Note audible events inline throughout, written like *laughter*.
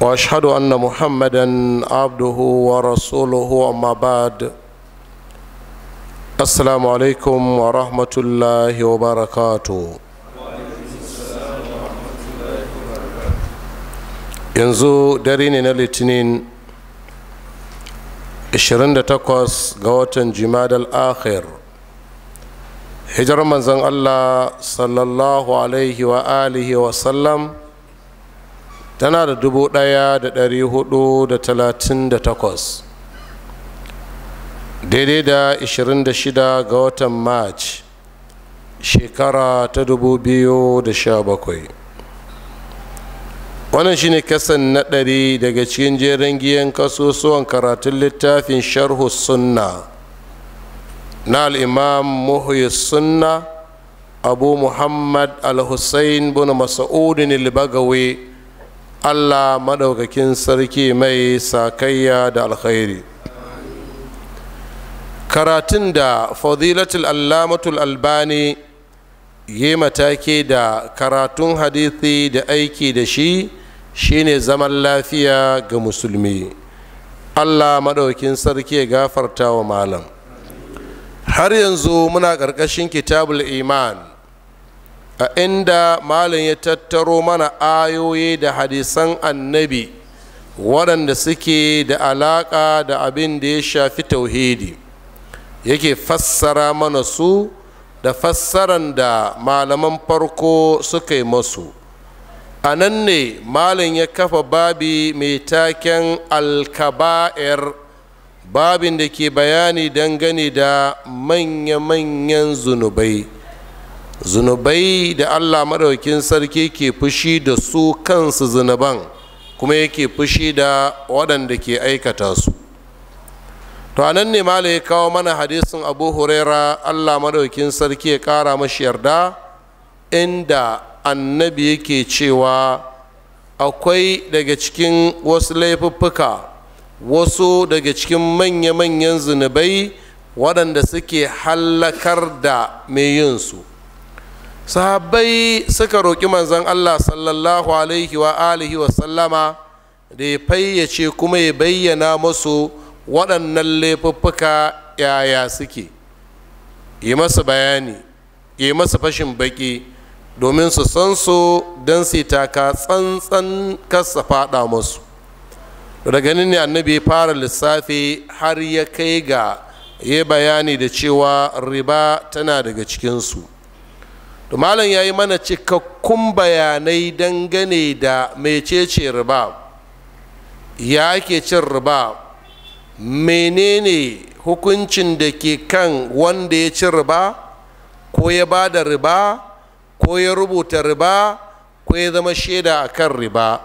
واشهد ان محمدا عبده ورسوله اما بعد السلام عليكم ورحمه الله وبركاته yanzu dare ne na litinin 28 ga watan jimadal akhir hijirar manzon allah sallallahu alaihi wa alihi wa sallam tana da dubu ɗaya da ɗari hudu da talatin da takwas daidai da ishirin da shida ga watan march shekara ta dubu biyu da sha bakwai. wannan shine kasan na ɗari daga cikin jerin giyan kasusuwan karatun littafin sharhu sunna na al'imam muhyi sunna abu muhammad al-hussein bin masa'udin al allah maɗaukakin sarki mai sakayya da alkhairi karatun da fadilatul allamatul albani yi matake da karatun hadisi da aiki da shi shine zaman lafiya ga musulmi allah maɗaukin sarki ya gafarta wa malam har yanzu muna ƙarƙashin kitabul iman a inda malin ya tattaro mana ayoyi da hadisan annabi waɗanda suke da alaƙa da abin da ya shafi tauhidi yake fassara mana su da fassaran da malaman farko suka yi masu a nan ne malin ya kafa babi mai taken alkaba'ir babin da ke bayani dangane da manya-manyan zunubai zunubai da allah maɗaukin sarki ke fushi da su kansu zunuban kuma yake fushi da waɗanda ke aikata su to anan ne mala ya kawo mana hadisin abu huraira allah maɗaukin sarki ya ƙara mashi yarda inda annabi yake cewa akwai daga cikin wasu laifuffuka wasu daga cikin manya-manyan zunubai waɗanda suke hallakar da mai yinsu sahabbai suka roƙi manzon allah sallallahu alaihi wa alihi wa sallama da ya fayyace kuma ya bayyana musu waɗannan laifuffuka yaya suke yi masu bayani yi masu fashin baƙi domin su san su don su taka tsantsan kasa faɗa musu daga ganin ne annabi fara lissafi har ya kai ga ya bayani da cewa riba tana daga cikinsu to malam ya yi mana cikakkun bayanai dangane da mecece riba ya ake cin riba menene hukuncin da ke kan wanda ya ci riba ko ya ba da riba ko ya rubuta riba ko ya zama shaida a kan riba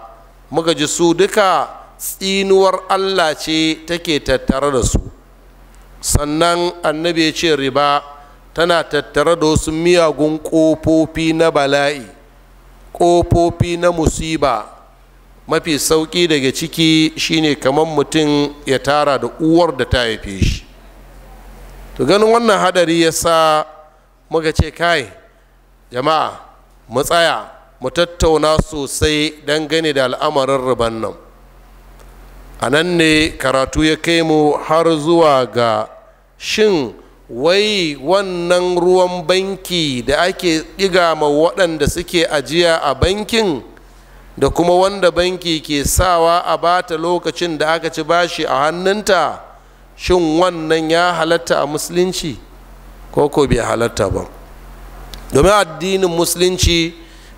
muka ji su duka tsinuwar allah ce take tattare da su sannan annabi ya ce riba tana tattare da wasu miyagun ƙofofi na bala'i ƙofofi na musiba mafi sauƙi daga ciki shine kamar mutum ya tara da uwar da ta haife shi to ganin wannan hadari ya sa muka ce kai jama'a mu tsaya mu tattauna sosai don gane da al'amarin ruban nan a nan ne karatu ya kai mu har zuwa ga shin wai wannan ruwan banki da ake ɗiga ma waɗanda suke ajiya a bankin da kuma wanda banki ke sawa a bata lokacin da aka ci bashi a hannunta shin wannan ya halatta a musulunci ko ko bai halatta ba domin addinin musulunci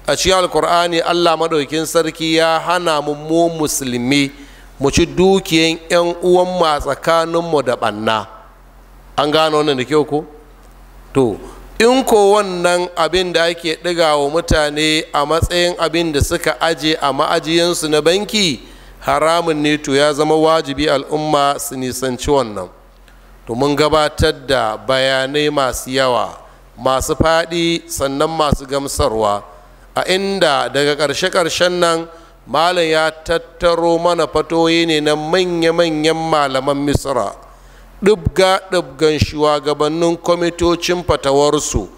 a cikin alkur'ani allah maɗaukin sarki ya hana mu musulmi mu ci dukiyan 'yan uwanmu a tsakaninmu da ɓanna an gano wannan da kyau ko to in ko wannan abin da ake ɗigawa mutane a matsayin abin da suka aje a ma'ajiyansu na banki haramun ne to ya zama wajibi al'umma su nisanci wannan to mun gabatar da bayanai masu yawa masu faɗi sannan masu gamsarwa a inda daga ƙarshe karshen nan malam ya tattaro mana fatoyi ne na manya-manyan malaman misra ɗibga-ɗibgan shugabannin kwamitocin fatawarsu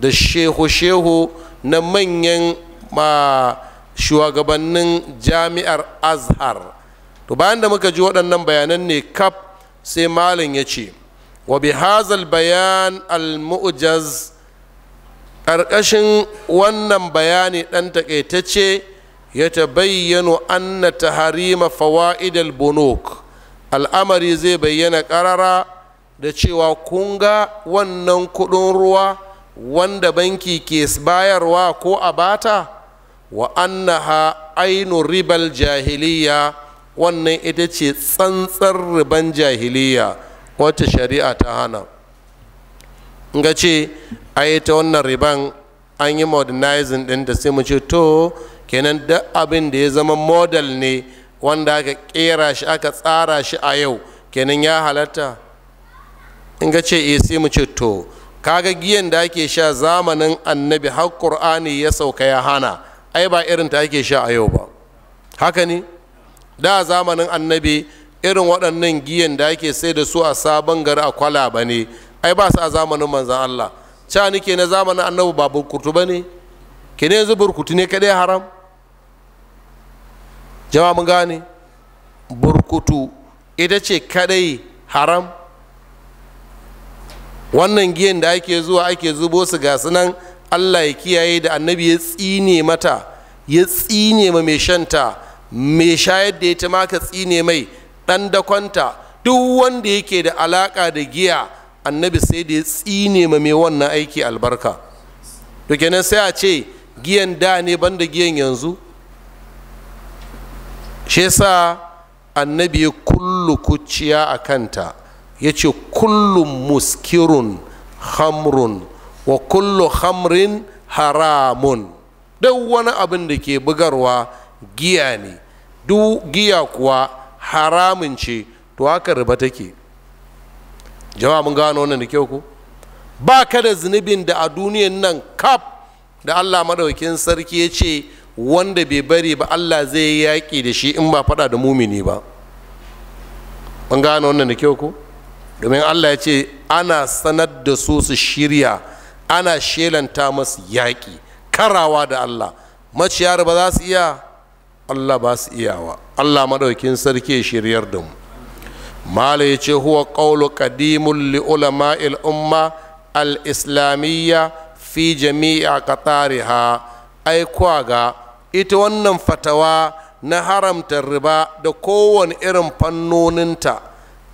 da shehu-shehu na manyan ma shugabannin jami'ar azhar to bayan da muka ji waɗannan bayanan ne kaf sai malin ya ce wa bi hazal bayan al-mu'jaz ƙarƙashin wannan bayani ɗan taƙaitacce ya ta bayyano anna Harima fawa'idal bunuk al'amari zai bayyana ƙarara da cewa kun ga wannan kuɗin ruwa wanda banki ke bayarwa ko a bata wa ha ainu ribar jahiliya wannan ita ce tsantsar riban jahiliya wata shari'a ta hana ga ce a yi ta wannan riban an yi modernizing da sai mu ce to kenan duk abin da ya zama model ne wanda aka kera shi aka tsara shi a yau kenan ya halatta in ga ce eh sai mu ce to kaga giyan da ake sha zamanin annabi har qur'ani ya sauka ya hana ai ba irin ta ake sha a yau ba haka ne da zamanin annabi irin waɗannan giyan da ake sai da su a sabon gari a kwalaba ne ai ba su a zamanin manzan Allah ca nike na zamanin annabi ba burkutu ba ne ke ne yanzu burkutu ne kaɗai haram jama'a mun gane burkutu ita ce kadai haram wannan giyan da ake zuwa ake zubo su ga nan allah ya kiyaye da annabi ya tsine mata ya tsine ma mai shanta mai shayar da ya ta maka tsine mai ɗan dakonta duk wanda yake da alaƙa da giya annabi sai da ya tsine ma mai wannan aiki albarka to kenan sai a ce giyan da ne banda giyan yanzu shi yasa annabi ya kullu kuciya a kanta ya ce kullum muskirun hamrun wa kullu hamrin haramun duk wani abin da ke bugarwa giya ne duk giya kuwa haramun ce to haka riba take jama'a mun gano wannan da kyau ku ba ka da zunubin da a duniyan nan kaf da allah maɗaukin sarki ya ce wanda bai bari ba allah zai yi yaƙi da shi in ba faɗa da mumini ba an gane wannan da kyau ko domin allah ya ce ana sanar da su su shirya ana shelanta masu yaƙi karawa da allah maciyar ba za su iya allah ba su iyawa allah maɗaukin sarki shiryar da mu mala ya ce huwa ƙaulu ƙadimun li ulama'il umma al-islamiyya fi jami'a qatariha ai ga ita wannan fatawa na haramta riba da kowane irin fannoninta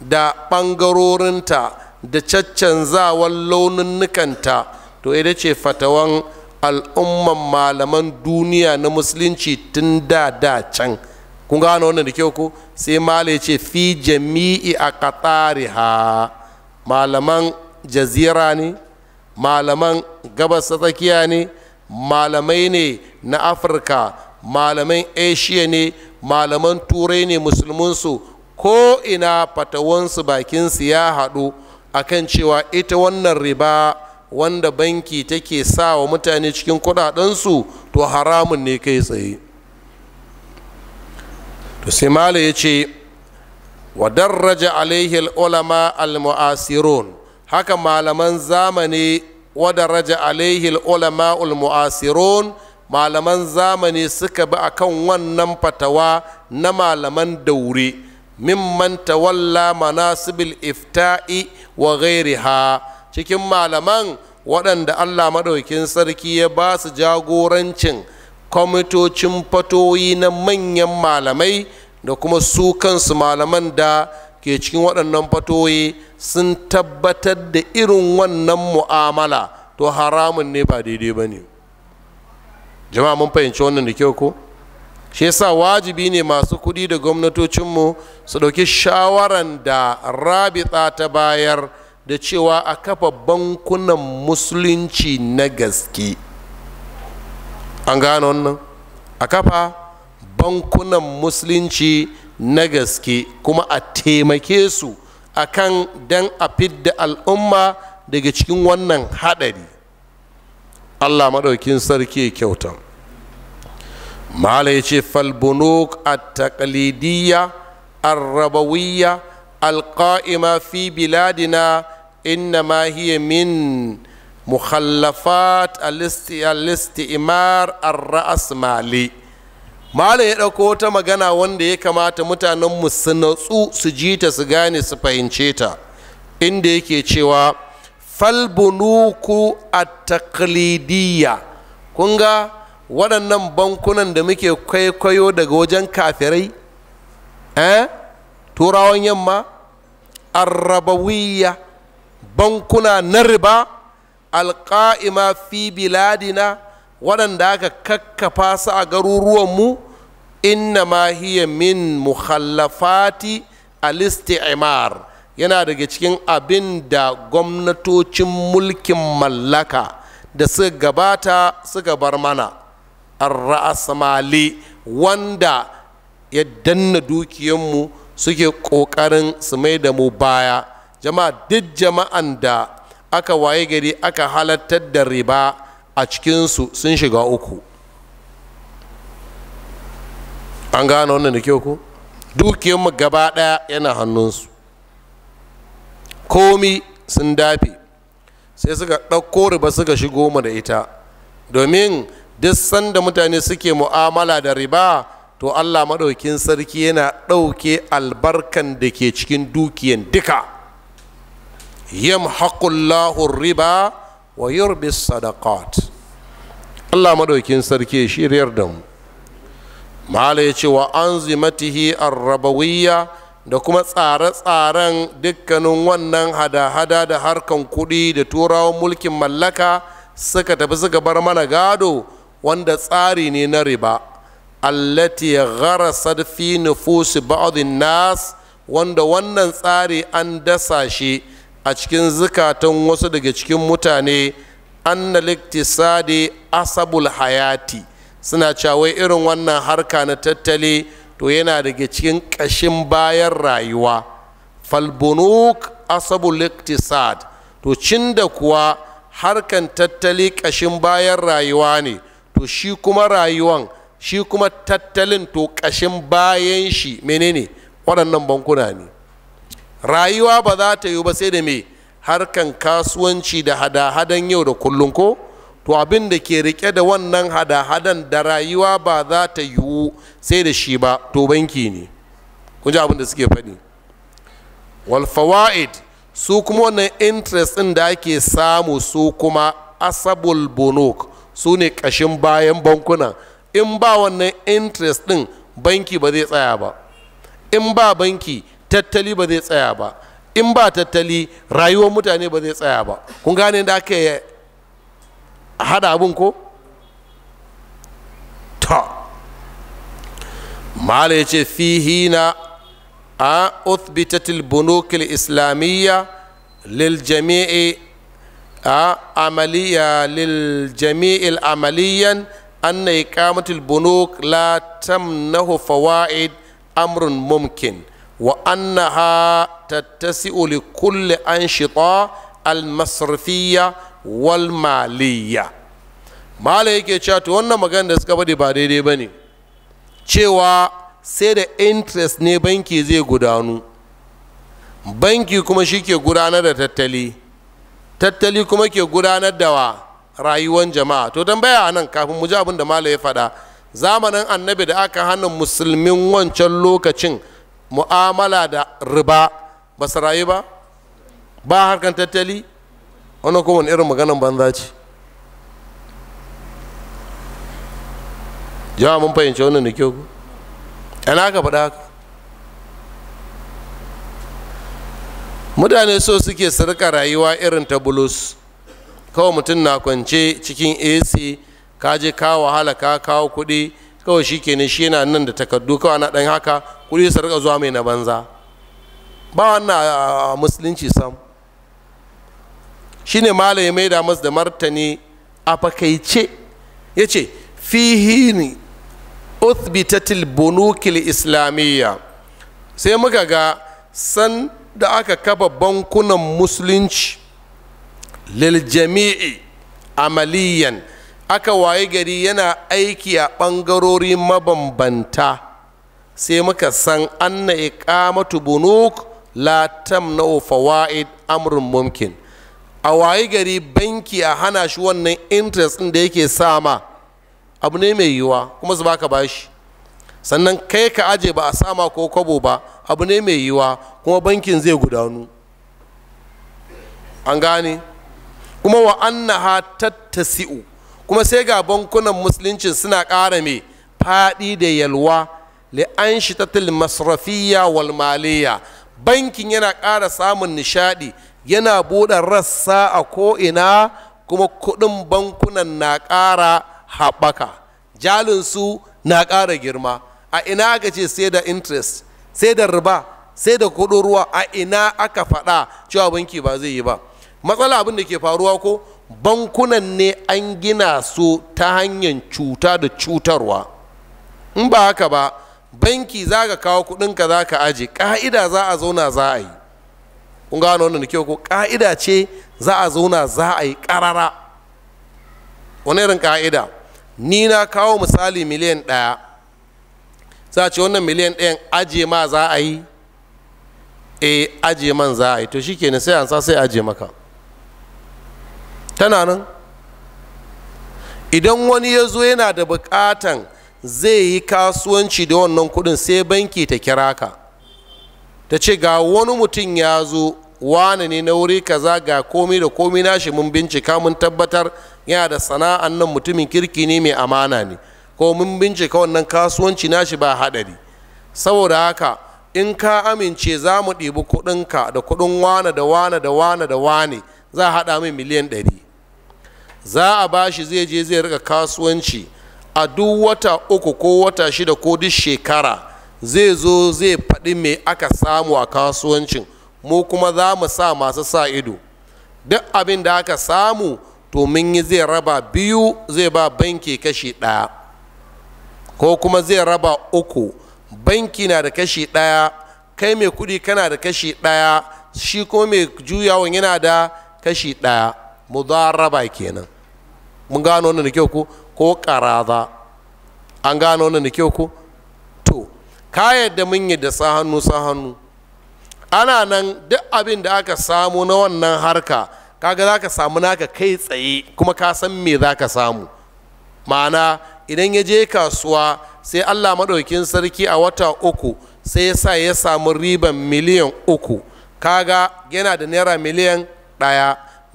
da ɓangarorinta da caccanzawan launinnukanta to ita ce fatawan al'umman malaman duniya na musulunci tun da da can kun gano wannan da kyau ku sai mala ce fi jami'i a ha malaman jazira ne malaman gabas ta tsakiya ne malamai ne na afirka malaman asia ne malaman turai ne musulmansu ko ina fatawansu bakinsu ya haɗu akan cewa ita wannan riba wanda banki take sa wa mutane cikin kudadensu to haramun ne kai tsaye to sai mala ya ce wa darraja alaihi ulama al-mu'asirun haka malaman zamani wadaraja alaihi ulama'ul mu'asirun malaman zamani suka bi akan wannan fatawa na malaman daure mimman tawalla manasibil ifta'i wa ghairiha cikin malaman waɗanda allah maɗaukin sarki ya ba su jagorancin kwamitocin fatoyi na manyan malamai da kuma su kansu malaman da ke cikin waɗannan fatoyi sun tabbatar da irin wannan mu'amala to haramun ne ba daidai ba ne jama'a mun fahimci wannan da kyau ko shi yasa wajibi ne masu kuɗi da gwamnatocinmu su ɗauki shawaran da rabita ta bayar da cewa a kafa bankunan musulunci na gaske an gane wannan a kafa bankunan musulunci na gaske kuma a taimake su akan don a fidda al'umma daga cikin wannan haɗari allah maɗaukin sarki kyauta malai ce falbunok a taƙalidiyya arrabawiyya alƙa'ima fi biladina min هي من imar الاستئمار malai malam ya ɗauko wata magana wanda ya kamata mutanenmu su natsu su ji ta su gane su fahimce ta inda yake cewa falbunuku a taklidiyya kun ga waɗannan bankunan da muke kwaikwayo daga wajen kafirai eh turawan yamma arrabawiyya bankuna na riba alƙa'ima fi biladina waɗanda aka kakkafa su a garuruwanmu inna ma hiya min mukhallafati al-isti'mar yana daga cikin abin da gwamnatocin mulkin mallaka da suka gabata suka bar mana arra'asmali wanda ya danna dukiyanmu suke ƙoƙarin su mai da mu baya jama'a duk jama'an da aka waye gari aka halattar da riba a cikinsu sun shiga uku an gane wannan da kyau ku dukiyarmu gaba ɗaya yana hannunsu komi sun dafe sai suka ɗauko riba suka shigo mu da ita domin duk sanda mutane suke mu'amala da riba to allah maɗaukin sarki yana ɗauke albarkan da ke cikin dukiyan duka yam haƙullahun riba wa yurbi sadaqat Allah madaukin sarki shiryar da mu mala ya ce wa anzimatihi arrabawiyya da kuma tsare-tsaren dukkanin wannan hada-hada da harkan kuɗi da turawan mulkin mallaka suka tafi suka bar mana gado wanda tsari ne na riba allati gharasat fi nufusi ba'd nas wanda wannan tsari an dasa shi a cikin zukatan wasu daga cikin mutane anna liktisadi asabul hayati suna cawai irin wannan harka na tattali to yana daga cikin ƙashin bayan rayuwa falbunuk asabul liktisad to cin da kuwa harkan tattali ƙashin bayan rayuwa ne to shi kuma rayuwan shi kuma tattalin to ƙashin bayan shi menene waɗannan bankuna ne rayuwa ba za ta yi ba sai da me harkan kasuwanci da hada-hadan yau da kullum ko to abin da ke rike da wannan hada-hadan da rayuwa ba za ta yiwu sai da shi ba to banki ne kun ji abin da suke faɗi wal fawaid su kuma wannan interest ɗin da ake samu su kuma asabul bonok su ne ƙashin bayan bankuna in ba wannan interest ɗin banki ba zai tsaya ba in ba banki tattali ba zai tsaya ba in ba tattali rayuwar mutane ba zai tsaya ba kun gane da aka hada abin ko ta mala ya ce na a uthbitatil bunukil islamiyya lil jami'i a amaliya lil jami'il amaliyan anna iqamatul bunuk la tamnahu fawaid amrun mumkin wa annaha tattasi'u li kulli anshita al-masrafiyya wal maliyya mala yake cewa to wannan magana da suka bade ba daidai bane cewa sai da interest ne banki zai gudanu banki kuma shi ke gudanar da tattali tattali kuma ke gudanar da wa rayuwar jama'a to tambaya a nan kafin mu ji abin da mala ya faɗa zamanin annabi da aka hana musulmin wancan lokacin mu'amala da riba ba su rayu ba ba harkar tattali wani wani irin maganan banza ce jawa mun fahimci wannan da kyau ku yana ka faɗa haka mutane so suke sarka rayuwa irin ta bulus kawai mutum na kwance cikin ac ka je ka wahala ka kawo kuɗi kawai shi kenan shi yana nan da takardu kawai na ɗan haka kuɗi su rika zuwa mai na banza ba wannan a musulunci sam shine malami mai da masu da martani a fakaice ya ce fihini uthbitatil bunukil islamiyya sai muka ga san da aka kafa bankunan musulunci lil jami'i amaliyan aka waye gari yana aiki a ɓangarori mabambanta sai muka san anna iqamatu bunuk la tamna'u fawaid amrun mumkin a waye gari banki a hana shi wannan interest ɗin da yake sama abu ne mai yiwa kuma su baka bashi sannan kai ka aje ba a sama ko kwabo ba abu ne mai yiwa kuma bankin zai gudanu an gane kuma wa annaha tattasi'u kuma sai ga bankunan musulunci suna ƙara mai faɗi da yalwa li'an shi tattalin masrafiya wal maliya bankin yana ƙara samun nishaɗi yana buɗe rassa a ko'ina kuma kuɗin bankunan na ƙara haɓaka jalinsu na ƙara girma a ina aka ce sai da interest sai da riba sai da kuɗin ruwa a ina aka faɗa cewa banki ba zai yi ba matsala abin da ke faruwa ko bankunan ne an gina su ta hanyar cuta da cutarwa in ba haka ba banki za ka kawo kudinka za ka aje ƙa'ida za a zauna za a yi kun gano wannan da kyau ko ƙa'ida ce za a zauna za a yi ƙarara wani irin ƙa'ida ni na kawo misali miliyan ɗaya za a ce wannan miliyan ɗayan aje ma za a yi e aje man za a yi to shi sai an sa sai aje maka tana nan idan wani ya zo yana da bukatan zai yi kasuwanci da wannan kudin sai banki ta kira ka ta ce ga wani mutum ya zo wane ne na wuri kaza ga komi da komi nashi mun bincika mun tabbatar yana da sana'an nan mutumin kirki ne mai amana ne ko mun bincika wannan kasuwanci nashi ba haɗari saboda haka in ka amince za mu ɗibi kuɗinka da kuɗin wane da wane da wane da wane za a haɗa mai miliyan ɗari za a ba shi zai je zai rika kasuwanci a duk wata uku ko wata shida ko duk shekara zai zo zai faɗi me aka samu a kasuwancin mu kuma za mu sa masu sa ido duk abin da aka samu to mun yi zai raba biyu zai ba banki kashi ɗaya ko kuma zai raba uku banki na da kashi ɗaya kai mai kuɗi kana da kashi ɗaya shi kuma mai juyawan yana da kashi ɗaya mu za raba kenan mun gano wannan da kyau ko ko karaza an gano wannan da kyau ko to ka yadda mun yi sa hannu sa hannu ana nan duk abin da aka samu na wannan harka kaga za ka samu naka kai tsaye kuma ka san me za ka samu ma'ana idan ya je kasuwa sai allah maɗaukin sarki a wata uku sai ya sa ya samu riban miliyan uku kaga yana da naira miliyan ɗaya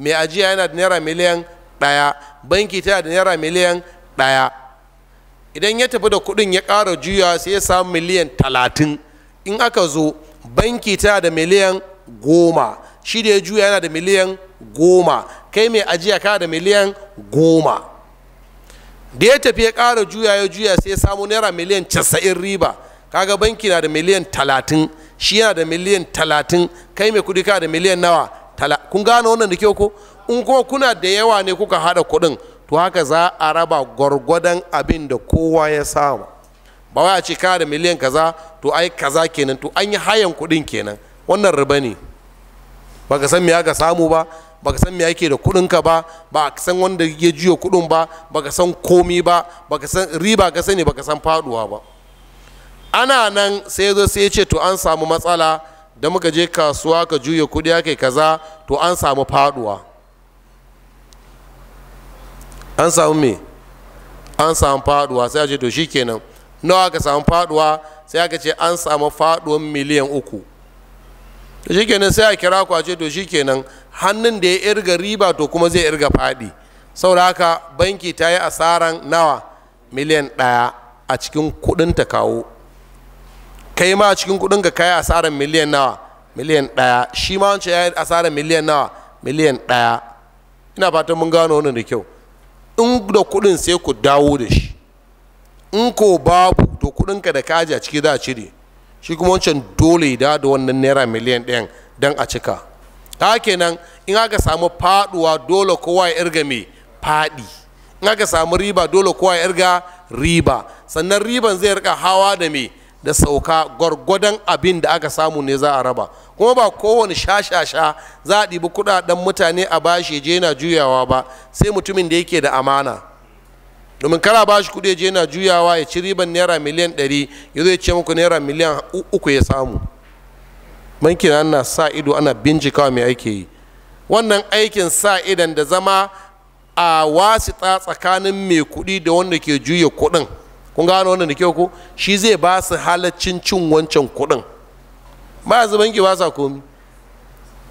mai ajiya yana da naira miliyan ɗaya banki tana da naira miliyan ɗaya idan ya tafi da kuɗin ya ƙara juya sai ya samu miliyan talatin in aka zo banki tana da miliyan goma shi da ya juya yana da miliyan goma kai mai ajiya kana da miliyan goma da ya tafi ya ƙara juya ya juya sai ya samu naira miliyan casa'in riba kaga banki na da miliyan talatin shi yana da miliyan talatin kai mai kuɗi kana da miliyan nawa kun gane wannan da kyau ko in kuma kuna da yawa ne kuka haɗa kuɗin to haka za a raba gwargwadon abin da kowa ya samu ba wai a ce kana da miliyan kaza to ai kaza kenan to an yi hayan kuɗin kenan wannan riba ne Ba ka san me aka samu ba Ba ka san me yake da kuɗin ka ba ba san wanda ya jiyo kuɗin ba Ba ka san komi ba Ba ka san riba ka sani Ba ka san faduwa ba ana nan sai ya zo sai ce to an samu matsala da muka je kasuwa ka juya kuɗi aka kaza to an samu faduwa an samu me an samu faduwa sai aje ce to shikenan nawa aka samu faduwa sai aka ce an samu faduwan miliyan uku to shikenan sai a kira ku a ce to shikenan hannun da ya irga riba to kuma zai irga fadi saboda haka banki ta yi asaran nawa miliyan ɗaya a cikin kuɗin ta kawo kai ma a cikin kuɗin ka kai asaran miliyan nawa miliyan ɗaya shi ma wancan ya yi asaran miliyan nawa miliyan ɗaya ina fatan mun gano wannan da kyau in da kuɗin sai ku dawo da shi in ko babu to kuɗinka da kaji a ciki za a cire shi kuma wancan dole da da wannan naira miliyan ɗayan don a cika ta kenan in aka samu faduwa dole kowa ya irga mai faɗi in aka samu riba dole kowa ya irga riba sannan riban zai rika hawa da mai da sauka gwargwadon abin da aka samu ne za a raba kuma ba kowane shashasha za a ɗibi kuɗaɗen mutane a bashi je na juyawa ba sai mutumin da yake da amana domin kana shi kuɗi je na juyawa ya ci riban naira miliyan ɗari ya zo ya ce muku naira miliyan uku ya samu bankin ana sa ido ana bincikawa mai ake yi wannan aikin sa idan da zama a wasita tsakanin mai kuɗi da wanda ke juya kuɗin kun gano wannan da kyau ko shi zai ba su halaccin cin wancan kuɗin ba su banki ba sa komi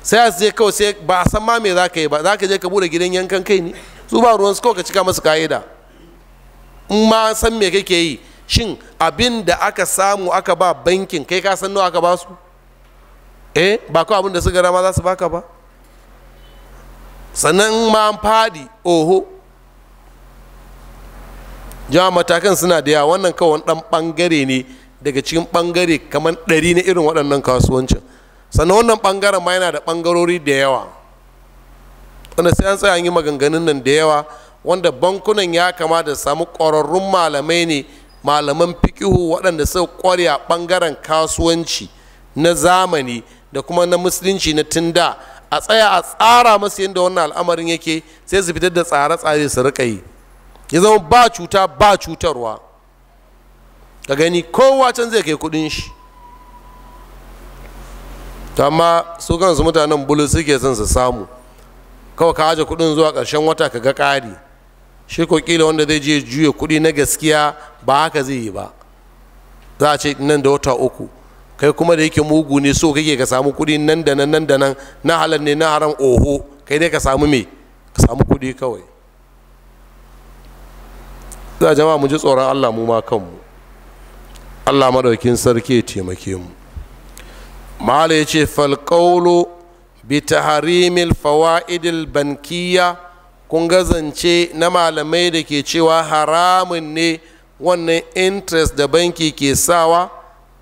sai su je kawai sai ba a san ma me za ka yi ba za ka je ka bude gidan yankan kai ne su ba ruwan su kawai ka cika masu ka'ida in ma san me kake yi shin abin da aka samu aka ba bankin kai ka san nawa aka ba su eh ba kawai abin da suka ma za su baka ba sannan ma an faɗi oho jama'a matakan suna da yawa wannan kawai dan bangare ne daga cikin bangare kamar ɗari na irin waɗannan kasuwancin sannan wannan bangaren ma yana da bangarori da yawa wanda sai an tsaya yi maganganun nan da yawa wanda bankunan ya kamata samu ƙwararrun malamai ne malaman fikihu waɗanda sau ƙware a ɓangaren kasuwanci na zamani da kuma na musulunci na da a tsaya a tsara masu yadda wannan al'amarin yake sai su fitar da tsare-tsare su rika yi ya zama ba cuta ba cutarwa ka gani kowa can zai kai kudin shi to amma su kansu mutanen bulu suke son su samu kawai ka haja kudin zuwa karshen wata ka ga ƙari shi ko kila wanda zai je juya kudi na gaskiya ba haka zai yi ba za a ce nan da wata uku kai kuma da yake mugu ne so kake ka samu kudi nan da nan nan da nan na halar ne na haram oho kai dai ka samu me ka samu kudi kawai za jama'a mu ji tsoron allah mu ma kanmu allah madaukin sarki ya taimake mu mahala ya ce falƙaulo bi taharimil fawa'idil bankiya kun gazance na malamai da ke cewa haramun ne wannan interest da banki ke sawa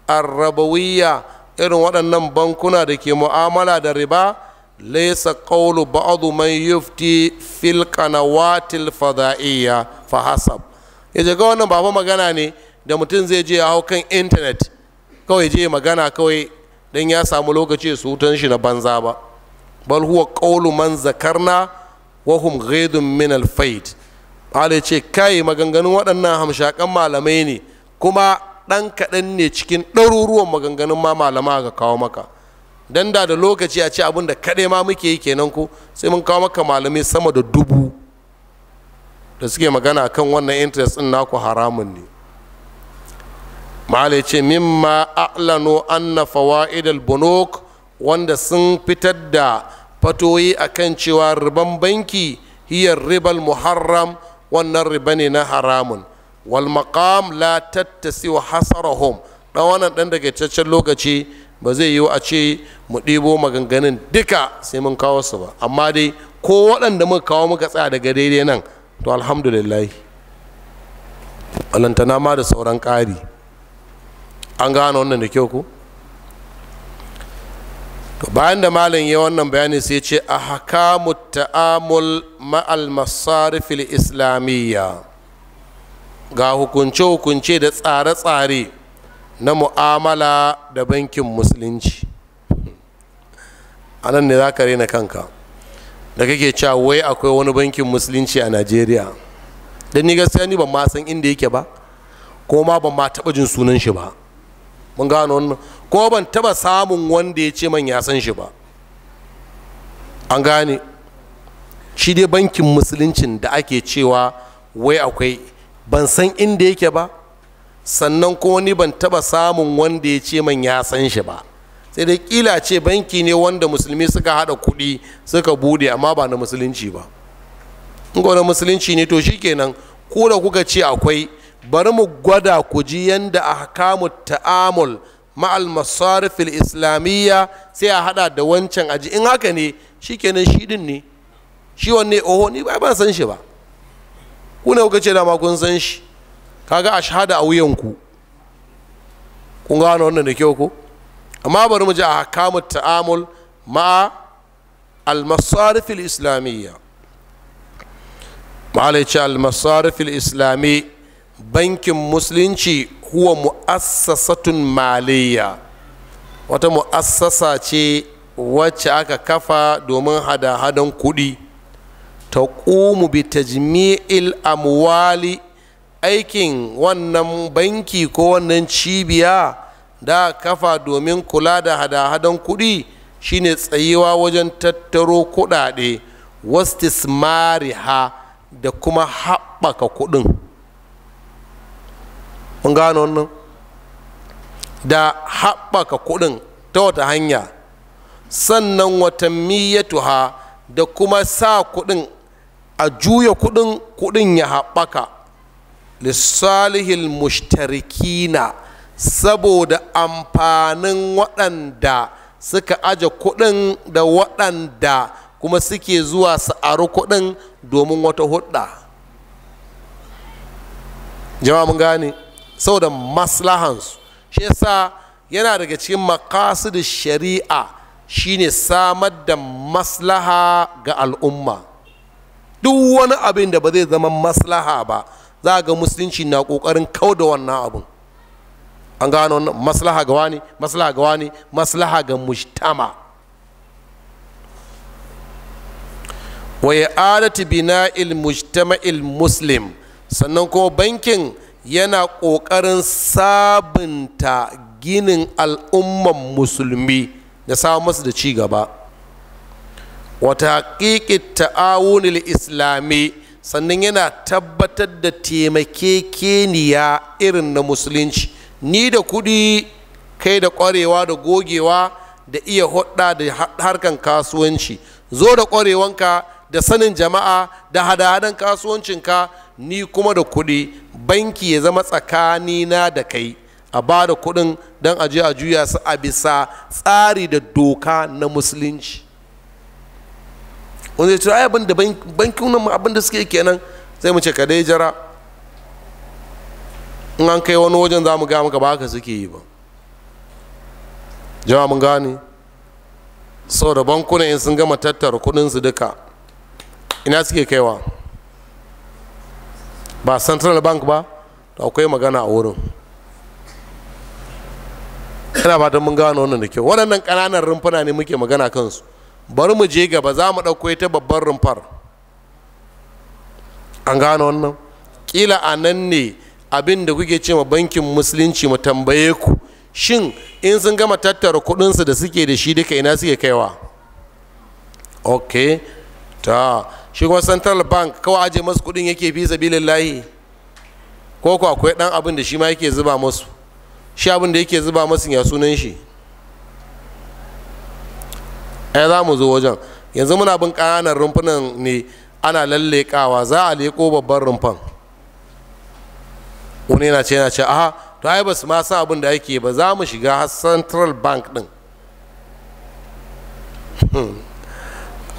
arrabawiyya irin waɗannan bankuna da ke mu'amala da riba laisa qawlu ba'dhu man yufti fil qanawatil fada'iyya fa hasab ya je ga wannan ba magana ne da mutum zai je ya hau kan intanet kawai je magana kawai don ya samu lokaci su hutun shi na banza ba bal huwa qawlu man zakarna wa hum ghaidun min al ala ce kai maganganun waɗannan hamshakan malamai ne kuma ɗan kaɗan ne cikin ɗaruruwan maganganun ma malama ga kawo maka dan da da lokaci a ce abin da kaɗai ma muke yi kenan ko sai mun kawo maka malamai sama da dubu da suke magana kan wannan interest in naku haramun ne mahalai ce mimma a'lano anna fawaid al-bunuk wanda sun fitar da fatoyi akan cewa riban banki hiyar ribal muharram wannan riba ne na haramun wal maqam la tattasi wa hasarahum da wannan dan daga cancan lokaci ba zai yiwu a ce mu ɗibo maganganun duka sai mun kawo su ba amma dai ko waɗanda muka kawo muka tsaya daga daidai nan to alhamdulillah alantana ma da sauran ƙari an gano wannan da kyau ku to bayan da malam ya wannan bayani sai ce a haka ta'amul ma'al masarifil islamiyya ga hukunce-hukunce da tsare-tsare na mu'amala da bankin musulunci anan ne za ka rena kanka da kake cewa wai akwai wani bankin musulunci a najeriya don ni gaskiya ni ban ma san inda yake ba ko ma ban ma taba jin sunan shi ba mun gano wannan ko ban taɓa samun wanda ya ce man ya san shi ba an gane shi dai bankin musuluncin da ake cewa wai akwai ban san inda yake ba sannan kuma ni ban taɓa samun wanda ya ce man ya san shi ba sai dai kila ce banki ne wanda musulmi suka hada kudi suka bude amma ba na musulunci ba in na musulunci ne to shikenan ko da kuka ce akwai bari mu gwada ku ji yanda ahkamu ta'amul ma'al masarif islamiyya sai a hada da wancan aji in haka ne shikenan shi din ne shi wanne oho ni ba san shi ba ku ne kuka ce dama kun san shi kaga ashhadu a wuyanku kun gano wannan da kyau ko amma bari mu ji a hakamun ta'amul ma al-masarif islamiyya malaici al-masarif al-islami bankin musulunci huwa mu'assasatun maliyya wata mu'assasa ce wacce aka kafa domin hada-hadan kudi ta ƙumu bi tajmi'il amwali aikin wannan banki ko wannan cibiya da kafa domin kula da hada-hadan kuɗi shine tsayewa wajen tattaro kuɗaɗe ha da kuma haɓaka kuɗin mun gano da haɓaka kuɗin ta wata hanya sannan watan ha da kuma sa kuɗin a juya kuɗin kuɗin ya haɓaka lissalihil mushtarikina saboda amfanin waɗanda suka aje kuɗin da waɗanda kuma suke zuwa sa'aru kuɗin domin wata hudda jama'a mun gane saboda maslahansu shi yasa yana daga cikin makasidin shari'a shine samar da maslaha ga al'umma duk wani abin da ba zai zama maslaha ba za ga musulunci na ƙoƙarin kau da wannan abin an gano maslaha ga wani maslaha ga wani maslaha ga mujtama wa i'adati bina'il mujtama'il muslim sannan kuma bankin yana ƙoƙarin sabunta ginin al'umman musulmi da samun masu da ci gaba wata haƙiƙi ta'awunil islami sannan yana tabbatar da taimakekeniya irin na musulunci ni da kuɗi kai da ƙwarewa da gogewa da iya hudda da harkan kasuwanci zo da ƙwarewanka da sanin jama'a da hada-hadan kasuwancinka ni kuma da kuɗi banki ya zama tsakani na da kai a ba da kuɗin don aje a juya su a bisa tsari da doka na musulunci wanda ya ce abin da bankin nan abin da suke kenan sai mu ce ka dai jara in an kai wani wajen za mu ga maka ba haka suke yi ba jama mun gane sau da bankunan in sun gama tattara su duka ina suke kaiwa ba central bank ba to akwai magana a wurin ina fatan mun gano wannan da kyau waɗannan ƙananan rumfuna ne muke magana kansu bari mu je gaba za mu ɗauko ita babbar rumfar an gano wannan ƙila a nan ne abin da kuke cewa bankin musulunci mu tambaye ku shin in sun gama tattara kudinsu da suke da shi duka ina suke kaiwa ok ta shi kuma central bank kawai aje masu kudin yake fi sabilin layi ko ku akwai dan abin da shi ma yake zuba masu shi abin da yake zuba masu ya sunan shi ai eh, za mu zo wajen yanzu muna bin ƙananan rumfunan ne ana lallekawa za a leko babban rumfan wani yana ce yana ce aha to ai ba su ma san abin da ake ba za mu shiga har central bank din hmm.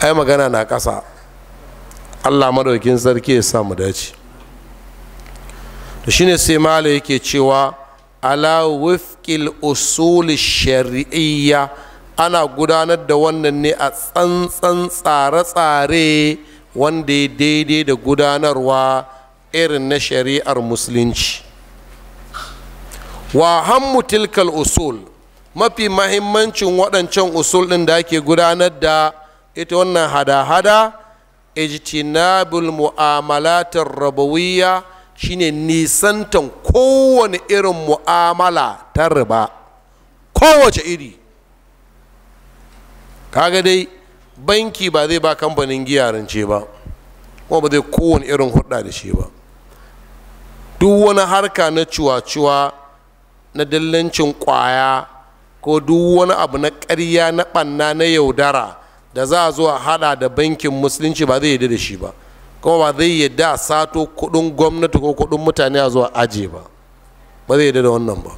ai magana na ƙasa allah madaukin sarki ya samu dace to shine sai mala yake cewa ala wifqil usul shari'iyya ana gudanar da wannan ne a tsantsan tsare-tsare wanda ya daidai da gudanarwa irin na shari'ar musulunci wa hammu tilkal usul mafi mahimmancin waɗancan usul ɗin da ake gudanar da ita wannan hada-hada ijtinabul mu'amalatar rabawiyya shine nisantan kowane irin mu'amala ta riba kowace iri kaga dai banki ba zai ba kamfanin giya ba kuma ba zai kowane irin hudda da shi ba duk wani harka na cuwa-cuwa na dillancin kwaya ko duk wani abu na ƙarya na ɓanna na yaudara da za a zo a hada da bankin musulunci ba zai yadda da shi ba kuma ba zai yadda a sato kuɗin gwamnati ko kuɗin mutane a zuwa aje ba ba zai yadda da wannan ba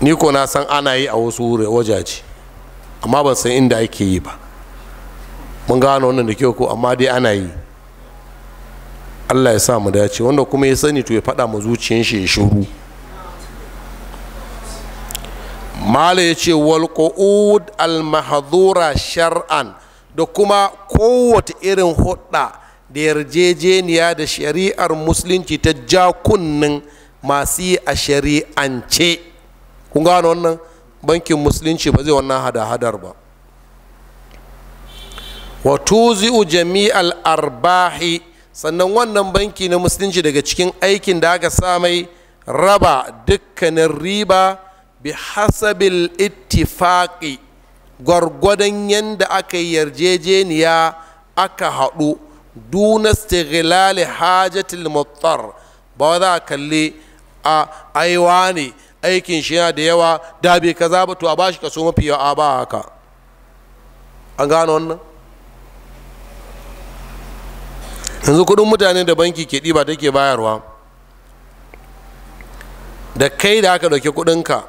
ni ko na san ana yi a wasu wajaje amma ban san inda ake yi ba mun gano wannan da kyau ko amma dai ana yi allah ya sa mu dace wanda kuma ya sani to ya faɗa mu zuciyar shi ya shuru mala ya ce wal qu'ud al mahdhura shar'an da kuma kowace irin hudda da yarjejeniya da shari'ar musulunci ta ja kunnin masu yi a shari'ance kun gano wannan bankin musulunci ba zai wannan hada-hadar ba wa tuzi'u jami'al arbahi sannan wannan banki na musulunci daga cikin aikin da aka sa mai raba dukkanin riba bi hasabil ittifaqi gwargwadon yadda aka yi yarjejeniya aka haɗu duna stighilali hajatil muttar ba za a kalli a aiwa ne aikin shi yana da yawa da bai kaza ba to a bashi kaso mafi yawa ba haka an gano wannan yanzu kudin mutane da banki ke ɗiba take bayarwa da kai da aka ɗauki kudinka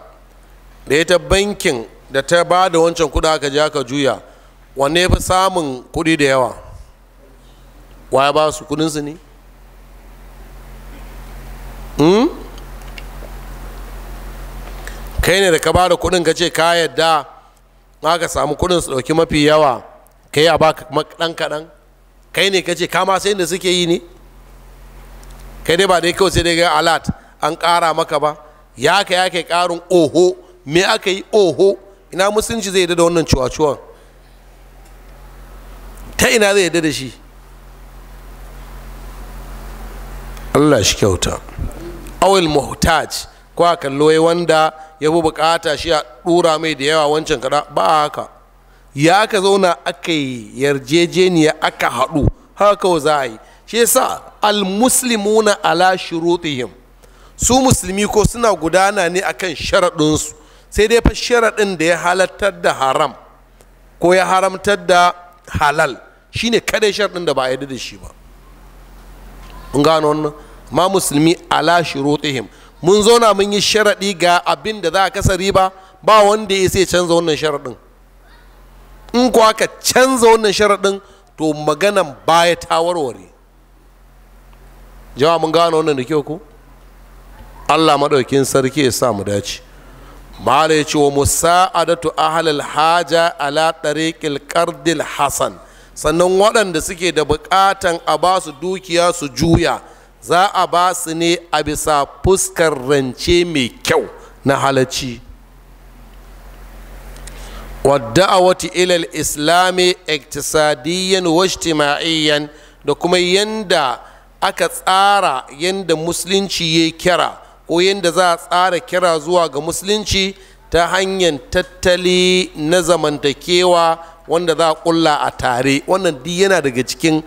da ita bankin da ta ba da wancan kudi aka je aka juya wanne fi samun kudi da yawa ya ba su kudinsu ne hmm? kai ne da ka ba da kudin ka ce ka yadda aka samu kudin su ɗauki mafi yawa ka yi a ba ɗan kaɗan kai ne ka ce kama sai da suke yi ne kai ne ba dai kawai sai dai ga alat an ƙara maka ba ya ka ya kai ƙarin oho me aka yi oho ina musulunci zai yadda da wannan cuwa-cuwan ta ina zai yadda da shi allah shi kyauta awil muhtaj ko a kallo wanda ya fi bukata shi a ɗura mai da yawa wancan kada ba haka ya aka zauna aka yi yarjejeniya aka haɗu haka kawai za a yi shi yasa na ala shurutihim su musulmi ko suna gudana ne akan sharaɗinsu sai dai fa sharaɗin da ya halartar da haram ko ya haramtar da halal shine kada sharaɗin da ba a da shi ba mun gano wannan ma musulmi ala shurutihim mun zauna mun yi sharaɗi ga abin da za a kasa riba ba wanda ya sai canza wannan sharaɗin in kuwa ka canza wannan sharaɗin to maganan baya ta warware jama'a mun gano wannan da kyau ku. allah maɗaukin sarki ya sa mu dace mala ya ce wa adatu ahalil haja ala tariqil qardil hasan sannan waɗanda suke da buƙatan a ba su dukiya su juya za a ba su ne a bisa fuskar rance mai kyau na halacci wadda'awati ilal islami iktisadiyyan wa da kuma yanda aka tsara yanda musulunci ya kira ko yanda za a tsara kira zuwa ga musulunci ta hanyar tattali na zamantakewa wanda za a kulla a tare wannan duk yana daga cikin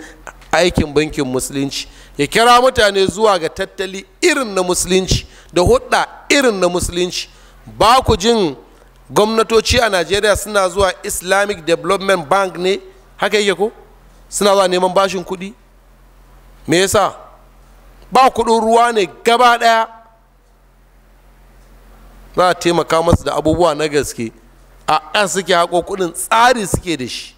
aikin bankin musulunci ya kira mutane zuwa ga tattali irin na musulunci da hudda irin na musulunci ba ku jin gwamnatoci a najeriya suna zuwa islamic development bank ne haka yake ko suna zuwa neman bashin kuɗi me yasa ba kuɗin ruwa ne gaba ɗaya za a taimaka masu da abubuwa na gaske a kan suke haƙo kuɗin tsari suke da shi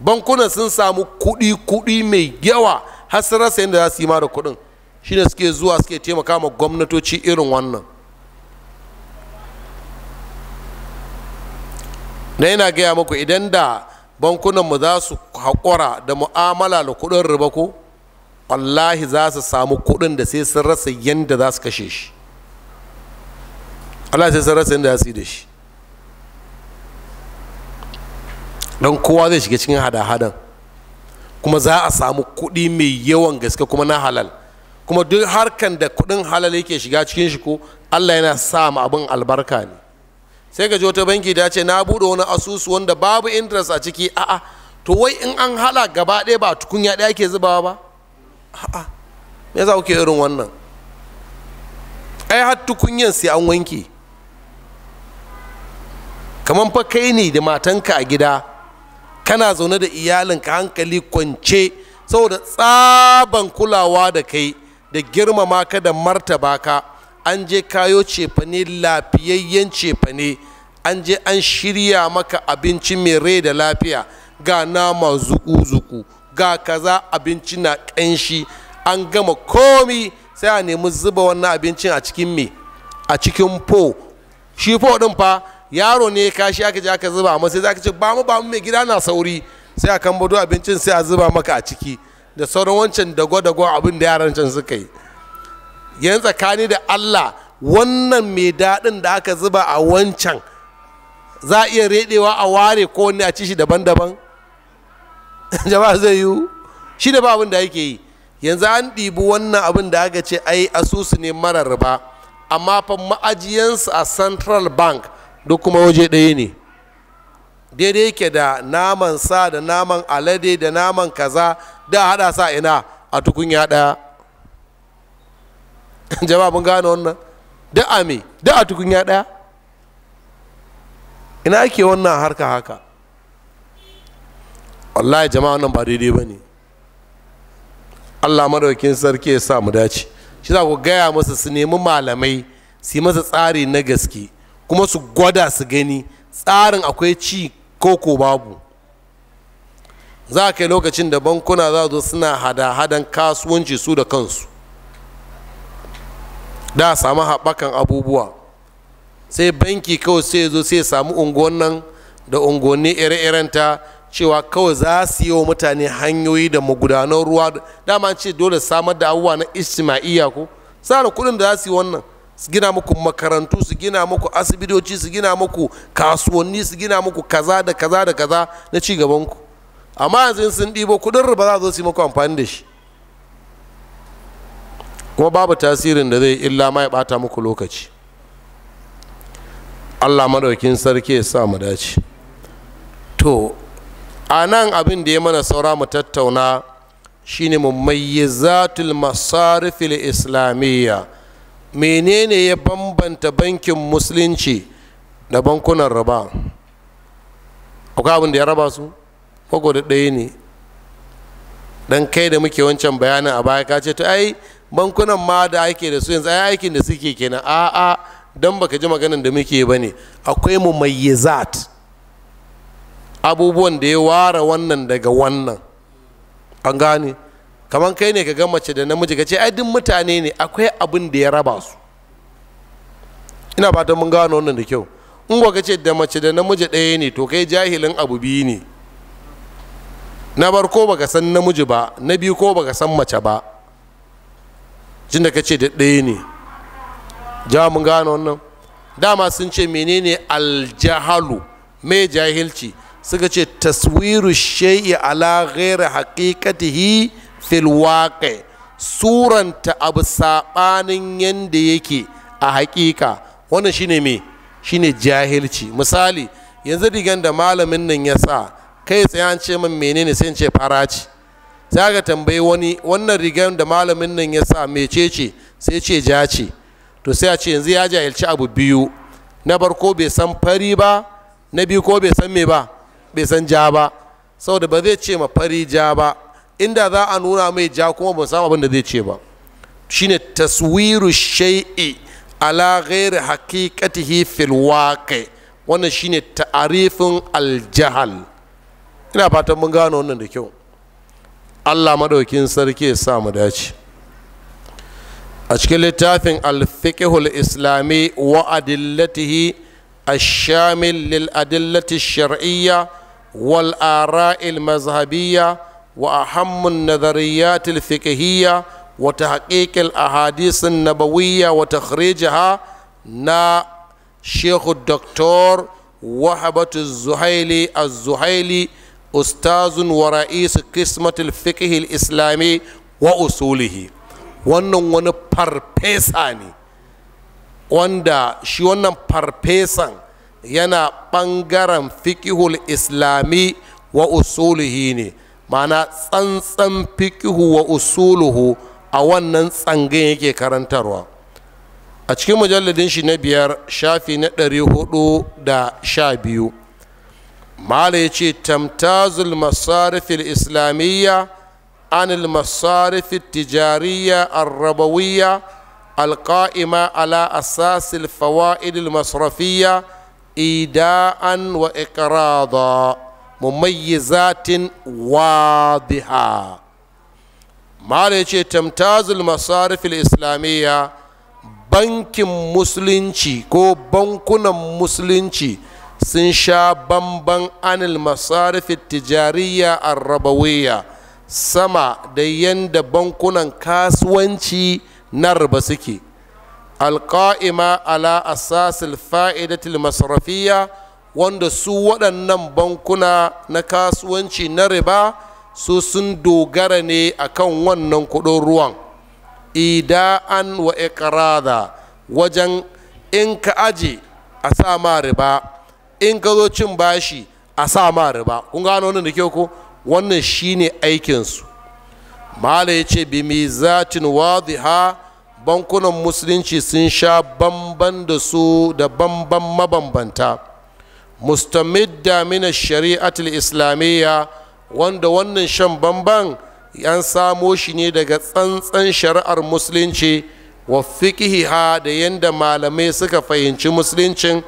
bankuna sun samu kuɗi kuɗi mai yawa har sun rasa yadda za su yi ma da kuɗin shine suke zuwa suke taimaka ma gwamnatoci irin wannan na yana gaya muku idan da bankunanmu za su haƙura da mu'amala da kuɗin riba ko wallahi za su samu kuɗin da sai sun rasa yadda za su kashe shi Allah sai sun rasa yadda za su yi da shi don kowa zai shiga cikin hada-hadan kuma za a samu kuɗi mai yawan gaske kuma na halal kuma duk harkan da kuɗin halal yake shiga cikin shi ko Allah yana sa ma abin albarka ne sai ka je wata banki da ce na bude wani asusu wanda babu interest a ciki a'a to wai in an hala gaba ɗaya ba tukunya ɗaya ke zubawa ba a'a me yasa kuke irin wannan ai har tukunyan sai an wanke kamar fa kai ne da matanka a gida kana zaune da iyalinka hankali kwance saboda tsaban kulawa da kai da girmama ka da martaba ka an je kayo cefane lafiyayyen cefane an je an shirya maka abinci mai rai da lafiya ga nama zuku-zuku ga kaza abinci na kanshi an gama komi sai a nemi zuba wannan abincin a cikin me a cikin po shi po din fa yaro ne kashi aka je aka zuba amma sai zaka ce ba mu ba mu mai gida na sauri sai a kan bado abincin sai a zuba maka a ciki da sauran wancan dago-dago abin da yaran can suka yi yan tsakani da Allah wannan mai daɗin da aka zuba a wancan za a iya redewa a ware ko wani a ci shi daban-daban *laughs* jama'a zai yiwu shi da ba abin da yake yi yanzu an ɗibi wannan abin da aka ce ai asusu ne marar riba amma fa ma'ajiyansu a central bank duk kuma waje ɗaya ne daidai yake da naman sa da naman alade da naman kaza da haɗa sa ina a tukunya ɗaya *laughs* jama'a mun gane wannan da a me da a tukunya ɗaya ina ake wannan harka haka wallahi jama'a nan ba daidai ba ne allah madaukin sarki ya sa mu dace shi za ku gaya masa su nemi malamai su yi masa tsari na gaske kuma su gwada su gani tsarin akwai ci ko ko babu za ka yi lokacin da bankuna za zo suna hada-hadan kasuwanci su da kansu da samu haɓakan abubuwa sai banki kawai sai zo sai samu unguwan nan da unguwanni ire-irenta cewa kawai za su yi wa mutane hanyoyi da magudanar ruwa dama ce dole samar da abubuwa na istima'iyya ko tsara kuɗin da za su yi wannan su gina muku makarantu su gina muku asibitoci su gina muku kasuwanni su gina muku kaza da kaza da kaza na ci gabanku amma yanzu sun ɗibo kuɗin riba za zo su yi muku amfani da shi kuma babu tasirin da zai illa ma ya ɓata muku lokaci allah maɗaukin sarki ya sa mu dace to a nan abin da ya mana saura mu tattauna shine mumayyizatul masarifil islamiyya menene ya bambanta bankin musulunci da bankunan raba akwai abin da ya raba su ko da ɗaya ne dan kai da muke wancan bayanin a baya ka ce to ai bankunan ma da ake da su yanzu ai aikin da suke kenan a'a don baka ji maganin da muke ba ne akwai mu abubuwan da ya ware wannan daga wannan an gane kamar kai ne ka ga mace da namiji ka ce ai duk mutane ne akwai abin da ya raba su ina fatan mun gano wannan da kyau in ka ce da mace da namiji ɗaya ne to kai jahilin abu biyu ne na farko baka san namiji ba na biyu ko baka san mace ba jin da ka ce da ɗaya ne Jawa mun gano wannan dama sun ce menene aljahalu mai jahilci suka ce taswiru shay'i ala ghairi haqiqatihi fil waqi suranta abu sabanin yanda yake a haƙiƙa wannan shine me shine jahilci misali yanzu digan da malamin nan ya sa kai tsaye an ce min menene sai ce faraci sai aka tambayi wani wannan rigan da malamin nan ya sa mecece sai ce ja ce to sai a ce yanzu ya jahilci abu biyu na barko bai san fari ba na biyu ko bai san me ba bai san ja ba saboda ba zai ce ma fari ja ba inda za a nuna mai ja kuma ba samu abin da zai ce ba shine taswiru shay'i ala ghairi haqiqatihi fil waqi wannan shine ta'arifin aljahal ina fatan mun gano wannan da kyau Allah madaukin sarki ya sa mu dace a تافين الفقه الإسلامي وأدلته الشامل للأدلة الشرعية والآراء المذهبية وأهم النظريات الفقهية وتحقيق الأحاديث النبوية وتخريجها نا شيخ الدكتور وهبة الزهيلي الزهيلي أستاذ ورئيس قسمة الفقه الإسلامي وأصوله wannan wani farfesa ne wanda shi wannan farfesan yana ɓangaren fikihul islami wa usulihi ne mana tsantsan fikihu wa usuluhu a wannan tsangin yake karantarwa a cikin mujalladin shi na biyar shafi na ɗari hudu da sha biyu mala ya ce tamtazul masarifil islamiyya عن المصارف التجارية الربوية القائمة على أساس الفوائد المصرفية إيداء وإقراضا مميزات واضحة ما تمتاز المصارف الإسلامية bankin musulunci ko bankunan musulunci sun sha bamban anil masarifin tijariya arrabawiyya sama da yanda bankunan kasuwanci na raba suke alƙa'ima ala asasil fa'idatil masrafiya wanda su waɗannan bankuna na kasuwanci na riba su sun dogara ne akan wannan kuɗin ruwan ida'an wa ikrada wajen in ka aje a sa ma riba in ka zo cin bashi a sa ma riba kun gano wannan da kyau ko wannan shine aikinsu mala ya ce bi mizatin ha bankunan musulunci sun sha bamban da su da bamban mabambanta mustamidda mina shari'atul islamiyya wanda wannan shan bamban yan samo shi ne daga tsantsan shari'ar musulunci wa ha da yadda malamai suka fahimci musuluncin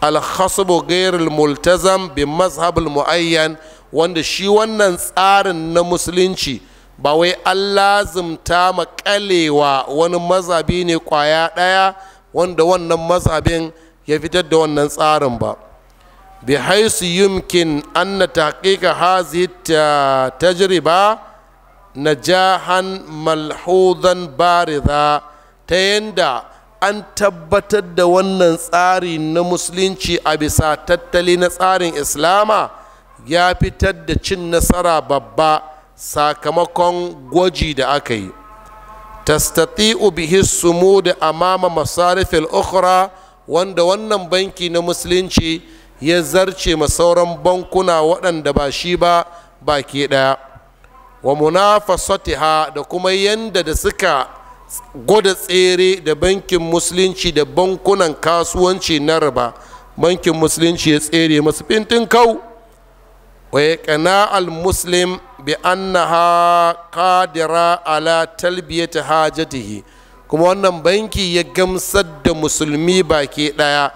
alhasbu gairul multazam bi mazhabul muayyan mu'ayyan wanda shi wannan tsarin na musulunci ba wai an lazimta makalewa wani mazabi ne kwaya ɗaya wanda wannan mazabin ya fitar da wannan tsarin ba bi haisu yumkin an na taƙiƙa hazi ba na jahan malhudan bariza ta yadda an tabbatar da wannan tsari na musulunci a bisa tattali na tsarin islama ya fitar da cin nasara babba sakamakon gwaji da aka yi tastati'u bihi sumu da amama masarifil ukhra wanda wannan banki na musulunci ya zarce ma sauran bankuna waɗanda ba shi ba baki ɗaya wa munafasatiha da kuma yanda da suka gwada tsere da bankin musulunci da bankunan kasuwanci na riba bankin musulunci ya tsere masu fintin kau ويقناع المسلم بأنها قادرة على تلبية حاجته kuma wannan banki ya gamsar da musulmi baki ɗaya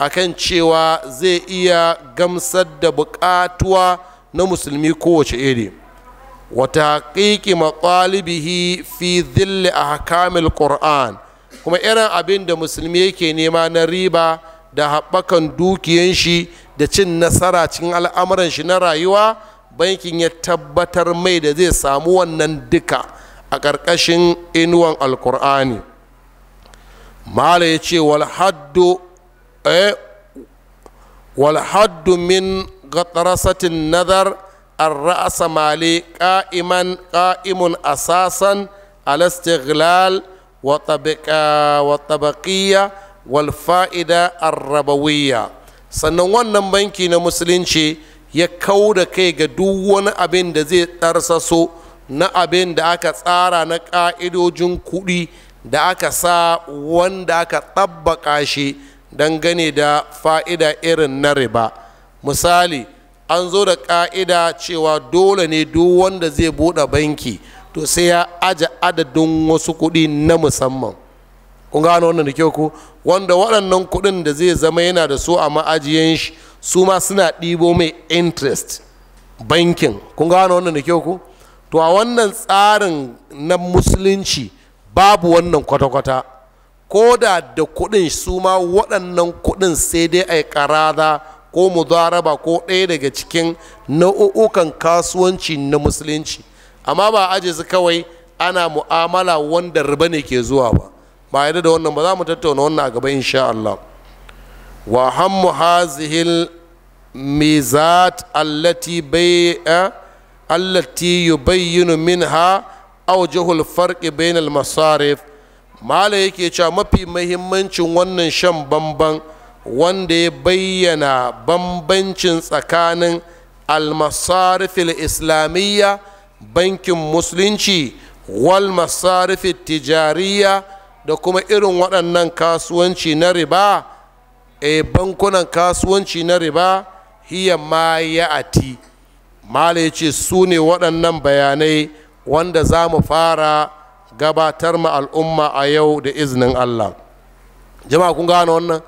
akan cewa zai iya gamsar da buƙatuwa na musulmi kowace iri wata haƙiƙi matsalibihi fi zille a hakamil ƙur'an kuma irin abin da musulmi yake nema na riba da haɓakan dukiyan shi da cin nasara cikin al'amuran shi na rayuwa bankin ya tabbatar mai da zai samu wannan duka a ƙarƙashin inuwan alkur'ani mala ya ce walhaddu eh, min gatarasatin nazar an ra'asa male ƙa'iman ƙa'imun asasan al wa tabaqiyya wal fa'ida arrabawiyya sannan wannan banki na musulunci ya kau da kai ga duk wani abin da zai so na abin da aka tsara na ƙa'idojin kuɗi da aka sa wanda aka ɗabbaƙa shi dangane da fa'ida irin na riba misali an zo da ƙa'ida cewa dole ne duk wanda zai buɗe banki to sai ya aje adadin wasu kuɗi na musamman kun gano wannan da kyau ko wanda waɗannan kuɗin da zai zama yana da su a ma'ajiyan shi su ma suna ɗibo mai interest bankin kun gano wannan da kyau ku to a wannan tsarin na musulunci babu wannan kwata-kwata ko da da kuɗin su ma waɗannan kuɗin sai dai a yi ƙarada ko muzaraba ko ɗaya daga cikin nau'ukan kasuwanci na musulunci amma ba ajiye su kawai ana mu'amala wanda riba ne ke zuwa ba ba yadda da wannan ba za mu tattauna wannan a gaba insha Allah wa hammu hazihil mizat allati bai eh, allati yubayyinu minha awjahul farqi bainal masarif mala yake cewa mafi mahimmancin wannan shan bamban wanda ya bayyana bambancin tsakanin almasarifil islamiyya bankin musulunci wal masarifil tijariya da kuma irin waɗannan kasuwanci na riba e bankunan kasuwanci na riba hiya ma ya ati mala ya ce su ne waɗannan bayanai wanda za mu fara gabatar ma al'umma a yau da izinin allah jama'a kun gano wannan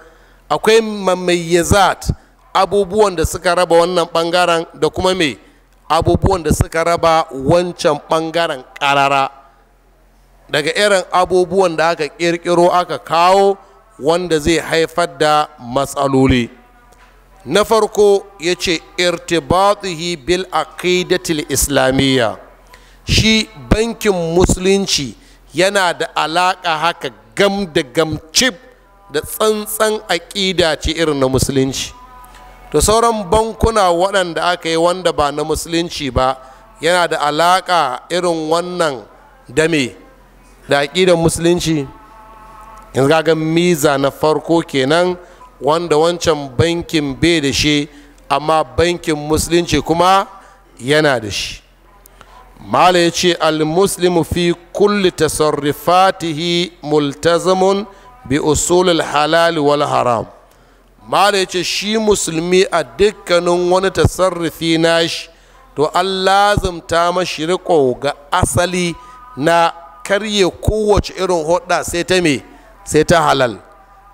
akwai mamayyazat abubuwan da suka raba wannan ɓangaren da kuma me abubuwan da suka raba wancan ɓangaren ƙarara daga irin abubuwan da aka ƙirƙiro aka kawo wanda zai haifar da matsaloli na farko ya ce irtibatuhi bil aqidatil islamiyya shi bankin musulunci yana da alaƙa haka gam da gam cib da tsantsan aƙida ce irin na musulunci to sauran bankuna waɗanda aka yi wanda ba na musulunci ba yana da alaƙa irin wannan dame da aƙidar musulunci yanzu ga miza na farko kenan wanda wancan bankin bai da shi amma bankin musulunci kuma yana da shi mala ya ce almuslimu fi kulli tasarrufatihi multazamun bi usulul halal wal haram mala ya ce shi musulmi a dukkanin wani tasarrufi nashi to an lazumta mashi riko ga asali na karye kowace irin hudda sai ta me sai ta halal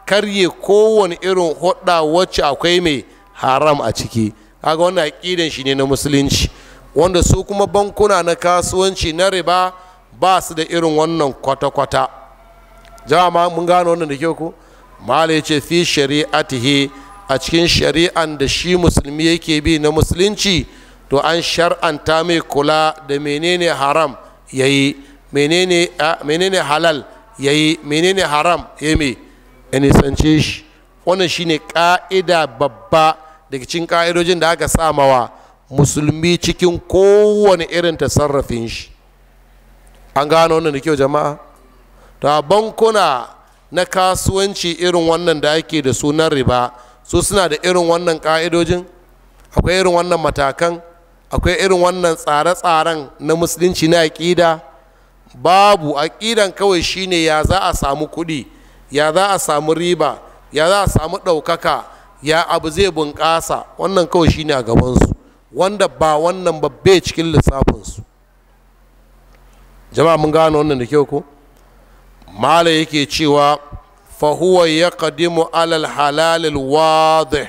karye kowane irin hudda wacce akwai mai haram a ciki kaga wannan aqidan shi ne na musulunci wanda su kuma bankuna na kasuwanci na riba ba su da irin wannan kwata-kwata jama'a mun gano wannan da kyau ko mala yace fi shari'atihi a cikin shari'an da shi musulmi yake bi na musulunci to an shar'anta mai kula da menene haram yayi menene menene halal yayi menene haram yayi me ya nisance shi wannan shine ka'ida babba daga cikin ka'idojin da aka samawa musulmi cikin kowane irin tasarrafin shi an gano wannan da kyau jama'a ta bankuna na kasuwanci irin wannan da ake da sunan riba su suna da irin wannan ka'idojin akwai irin wannan matakan akwai irin wannan tsare-tsaren na musulunci na aƙida babu aƙidan kawai shine ya za a samu kuɗi ya za a samu riba ya za a samu ɗaukaka ya abu zai bunƙasa wannan kawai shine a gabansu wanda ba wannan ba bai cikin lissafinsu jama'a mun gano wannan da kyau ko mala yake cewa fahuwa ya kadimu alal halalil wadih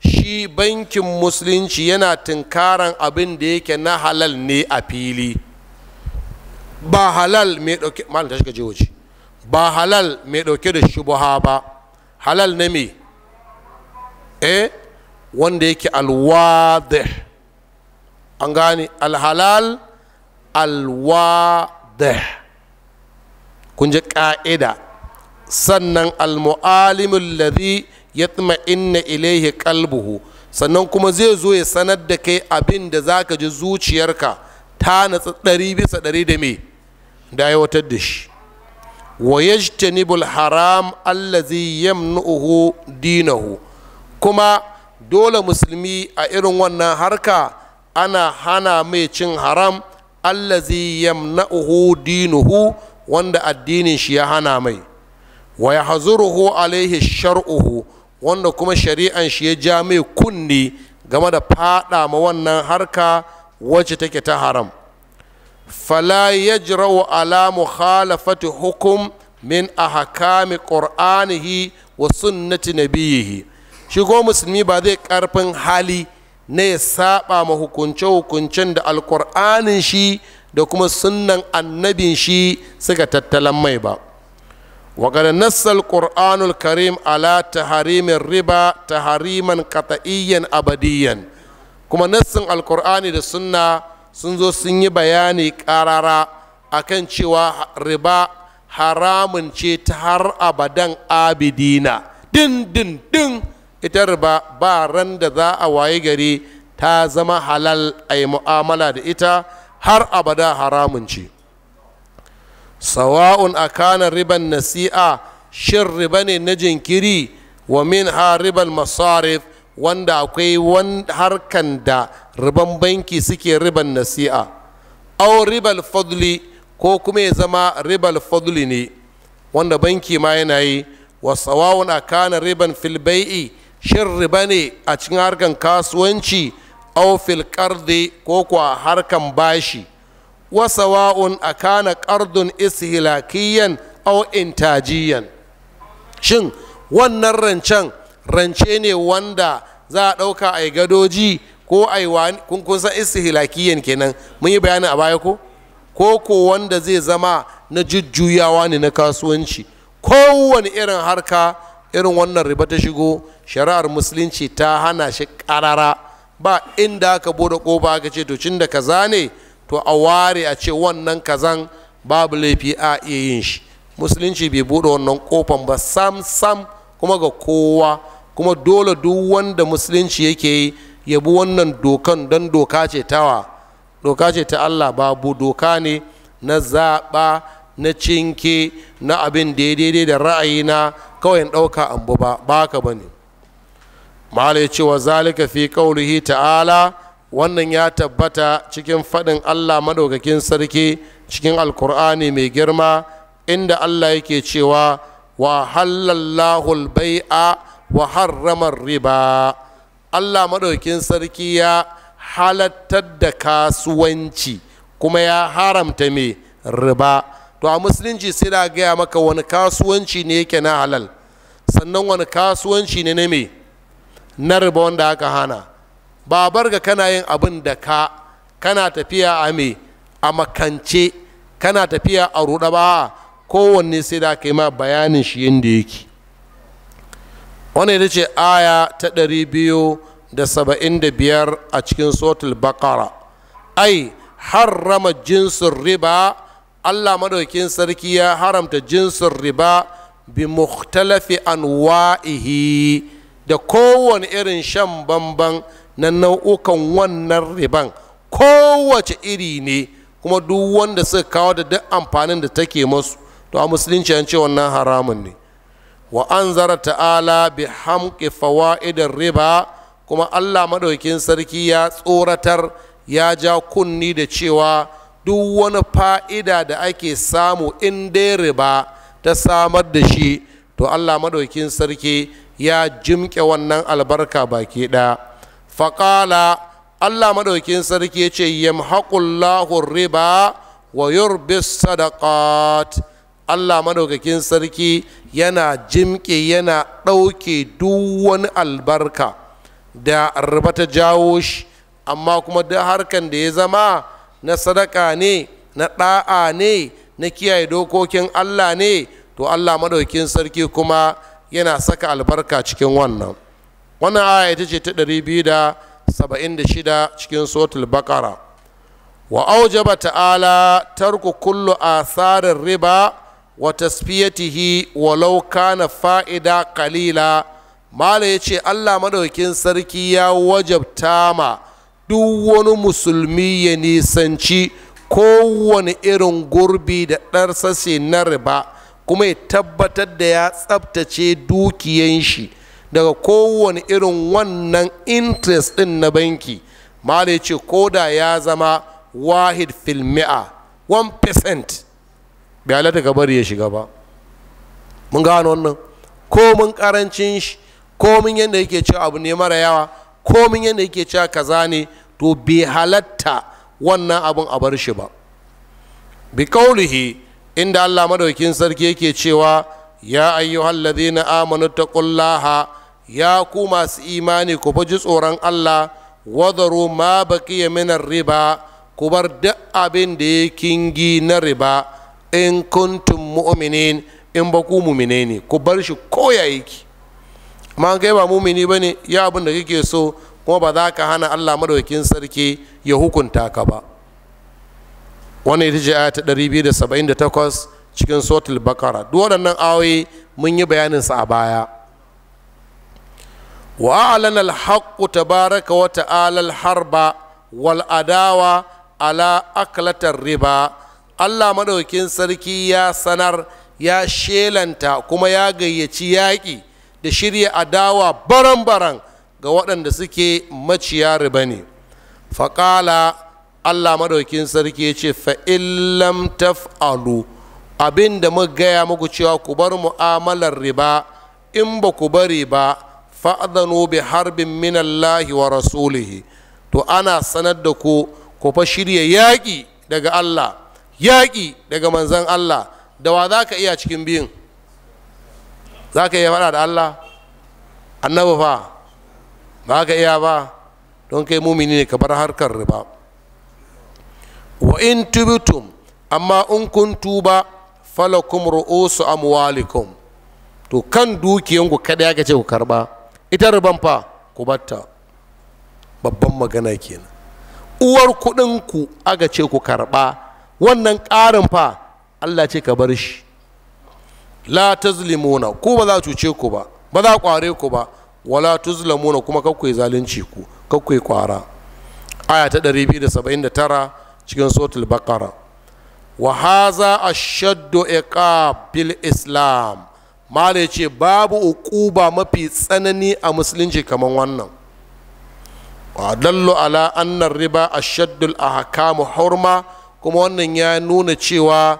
shi bankin musulunci yana tunkaran abin da yake na halal ne a fili ba halal mai dauke malam ta shiga jiwoji ba halal mai dauke da shubuha ba halal na me eh wanda yake alwade an gane alhalal alwade kun ji ka'ida sannan almu'alimin ladhi ya inna ilaihi kalbuhu sannan kuma zai zo ya sanar da kai abin da za ka ji zuciyarka ta natsa ɗari bisa ɗari da me da aiwatar da shi wa yajtanibul haram allazi yamnuhu dinahu kuma dole musulmi a irin wannan harka ana hana mai cin haram allazi yamnuhu dinuhu wanda addinin shi ya hana mai wa yahzuruhu alaihi shar'uhu wanda kuma shari'an shi ya ja mai kunni game da fada ma wannan harka wacce take ta haram fala yajra'u ala mukhalafati hukum min ahkami qur'anihi wa sunnati nabiyihi shigo musulmi ba zai karfin hali na ya saɓa ma hukunce hukuncen da alkur'anin shi da kuma sunnan annabin shi suka tattalan mai ba وقد نص القرآن الكريم على تحريم الربا تحريما abadiyyan kuma كما alkur'ani da sunna. sun zo sun yi bayani ƙarara akan cewa riba haramun ce ta har abadan abidina din ita riba ba ran da za a waye gari ta zama halal a yi mu'amala da ita har abada haramun ce sawa'un a Kana riban nasi'a shin riba ne na jinkiri wa min ha riban masarif wanda akwai harkan da riban banki suke riban nasi'a au ribal fadli ko kuma ya zama ribal fadli ne wanda banki ma yana yi wasawawun a kana riban filbai'i shin riba ne a cikin harkan kasuwanci au fil ko kuwa harkan bashi wasawa'un a kana kardun ishilakiyan au intajiyan shin wannan rancen rance ne wanda za a ɗauka a yi gadoji ko a yi wani kun istihilakiyyan kenan mun yi bayani a baya ko ko ko wanda zai zama na jujjuyawa ne na kasuwanci kowane irin harka irin wannan riba ta shigo shari'ar musulunci ta hana shi karara ba inda aka bude kofa aka ce to cin da kaza ne to a ware a ce wannan kazan babu laifi a iya yin shi musulunci bai bude wannan kofan ba sam sam kuma ga kowa kuma dole duk wanda musulunci yake yi ya wannan dokan don doka ce tawa doka ce ta allah babu doka ne na zaɓa na cinke na abin da ya daidai da ra'ayina kawai ɗauka ambu ba ka ba ne malai cewa zalika fi ƙaurihi ta'ala wannan ya tabbata cikin faɗin allah maɗaukakin sarki cikin alkur'ani mai girma inda allah yake cewa wa halallahu bai'a wa harramar riba allah maɗaukin sarki ya halattar da kasuwanci kuma ya haramta mai riba to a musulunci sai da gaya maka wani kasuwanci ne yake na halal sannan wani kasuwanci ne na mai na riba wanda aka hana ba ga kana yin abin da ka kana tafiya a me a makance kana tafiya a ruɗa ba kowanne sai da aka yi ma bayanin shi yadda yake wani ita ce aya ta ɗari biyu da saba'in da biyar a cikin sotul bakara ai harrama jinsin riba allah madaukin sarki ya haramta jinsin riba bi an wa'ihi da kowane irin shan bamban na nau'ukan wannan riban kowace iri ne kuma duk wanda suka kawo da duk amfanin da take masu to a musulunci an ce wannan haramun ne wa anzara ta'ala bi hamqi fawaidin riba kuma Allah madaukin sarki ya tsoratar ya ja kunni da cewa duk wani fa'ida da ake samu in dai riba ta samar da shi to Allah madaukin sarki ya jimke wannan albarka baki ɗaya faƙala Allah madaukin sarki ya ce yamhaqullahu riba wa yurbis sadaqat allah maɗaukakin sarki yana jimƙe yana ɗauke duk wani albarka da arba jawo shi amma kuma duk harkan da ya zama na sadaka ne na ɗa'a ne na kiyaye dokokin allah ne to allah maɗaukakin sarki kuma yana saka albarka cikin wannan wannan aya ita ce ta 276 cikin sotul bakara wa aujaba ta'ala tarku kullu asarin riba wa tasfiyatihi walau kana fa'ida kalila mala ya ce allah maɗaukin sarki ya wajabta ma duk wani musulmi ya nisanci kowane irin gurbi da ɗarsashe na riba kuma ya tabbatar da ya tsabtace dukiyan shi daga kowane irin wannan interest ɗin na banki mala ya ce ko da ya zama wahid filmi'a 1% bai halatta ka bari ya shiga ba mun gano wannan komin karancin shi komin yadda yake cewa abu ne mara yawa komin yadda yake cewa kaza ne to bai halatta wannan abin a bar shi ba bi kaulihi inda Allah madaukin sarki yake cewa ya ayyuhal ladina amanu taqullaha ya ku masu imani ku ji tsoron Allah wadaru ma baqiya minar riba ku bar duk abin da yake kingi na riba in kuntum mu'minin in ba ku mumine ne ku bar shi ko ya yake amma an kai ba mumini bane ya abin da kake so kuma ba za ka hana Allah madaukakin sarki ya hukunta ka ba wannan ita ce aya ta 278 cikin suratul bakara duk waɗannan ayoyi mun yi bayanin sa a baya wa alana alhaqqu tabaraka wa ta'ala harba wal adawa ala aklatar riba allah maɗaukin sarki ya sanar ya shelanta kuma ya gayyaci yaƙi da shirya adawa baran-baran ga waɗanda suke maciya riba ne faƙala allah maɗaukin sarki ya ce fa'illam taf'alu abin da muka gaya muku cewa ku bar mu'amalar riba in ba ku bari ba fa’adano bi harbin minallahi wa rasulihi to ana sanar da ku ku fa shirya yaƙi daga allah yaƙi daga manzan Allah da wa za ka iya cikin biyun za ka iya faɗa da Allah annabi fa ba ka iya ba don kai mumini ne ka bar harkar riba wa in tubitum amma in kun tuba falakum ru'usu amwalikum to kan dukiyanku kada ya ce ku karba ita riban fa ku batta babban magana kenan uwar kuɗinku aga ce ku karba wannan ƙarin fa allah ce ka bar shi la tazlimuna ku ba za cuce ku ba ba za kware ku ba wala tuzlamuna kuma kakwai zalunci ku kakwai kwara aya ta 279 cikin sotul bakara wa haza ashaddu iqab bil islam mala ce babu uquba mafi tsanani a musulunci kamar wannan wa dallu ala anna riba ashaddu al ahkamu hurma kuma wannan ya nuna cewa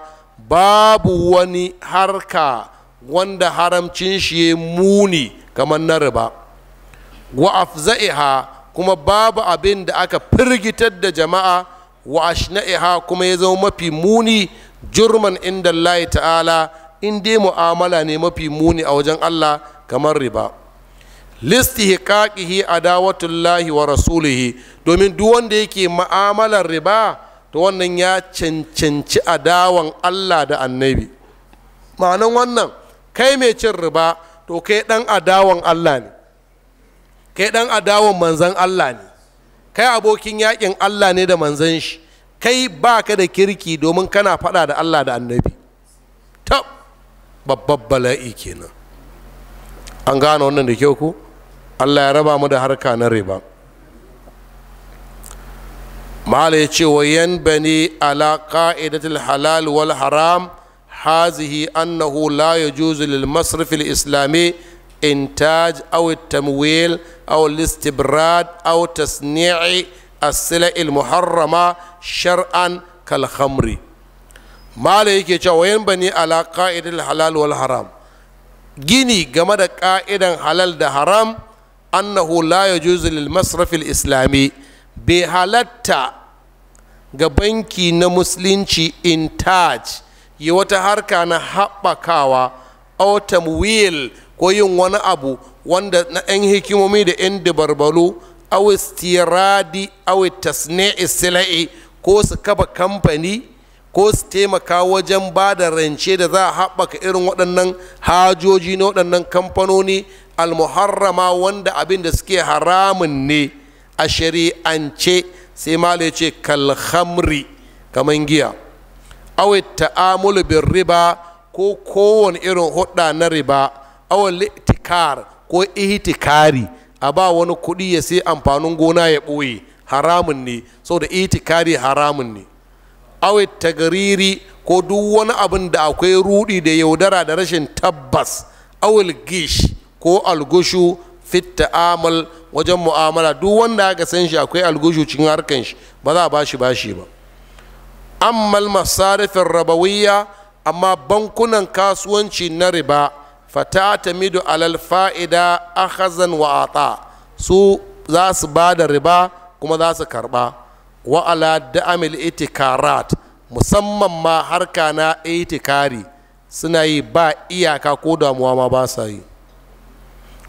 babu wani harka wanda haramcin shi ya muni kamar na riba wa afza'iha kuma babu abin da aka firgitar da jama'a wa ashna'iha kuma ya zama mafi muni jurman inda Allah ta'ala in dai mu'amala ne mafi muni a wajen Allah kamar riba listi listihqaqihi adawatullahi wa rasulihi domin duk wanda yake ma'amalar riba to wannan ya cancanci adawan allah da annabi ma'anan wannan kai mai cin riba to kai dan adawan allah ne kai dan adawan manzan allah ne kai abokin yakin allah ne da manzan shi kai ba ka da kirki domin kana fada da allah da annabi tab babban bala'i kenan an gane wannan da kyau ku allah ya raba mu da harka na riba مالچي وين بني على قاعدة الحلال والحرام هذه أنه لا يجوز للمصرف الإسلامي إنتاج أو التمويل أو الاستبراد أو تصنيع السلع المحرمة شرعا كالخمر مالچي وين بني على قاعدة الحلال والحرام جيني جمد قاعدة حلال ده حرام أنه لا يجوز للمصرف الإسلامي bai halatta ga banki na musulunci in touch yi wata harka na haɓakawa autumn wheel ko yin wani abu wanda na 'yan hikimomi da 'yan dabarbalu awistiradi awitasne'i sila'i ko su kaba kamfani ko su taimaka wajen ba da rance da za a haɓaka irin waɗannan hajoji na waɗannan kamfanoni almuharrama wanda abin da suke haramun ne a shari'ance sai malo ce kalhamri kamar giya awai ta'amulu bin riba ko kowane irin hudda na riba awai litikar ko ihtikari a ba wani kuɗi ya sai amfanin gona ya ɓoye haramun ne sau da itikari haramun ne awai tagariri ko duk wani abin da akwai rudi da yaudara da rashin tabbas awil gish ko algushu fit ta'amal wajen mu'amala duk wanda aka san shi akwai algushu cikin harkan shi ba za a bashi bashi ba ammal masarifin rabawiyya amma bankunan kasuwanci na riba fata ta midu alal fa'ida akhazan wa ata su za su ba da riba kuma za su karba wa ala da'amil itikarat musamman ma harka na itikari suna yi ba iyaka ko damuwa ma ba sa yi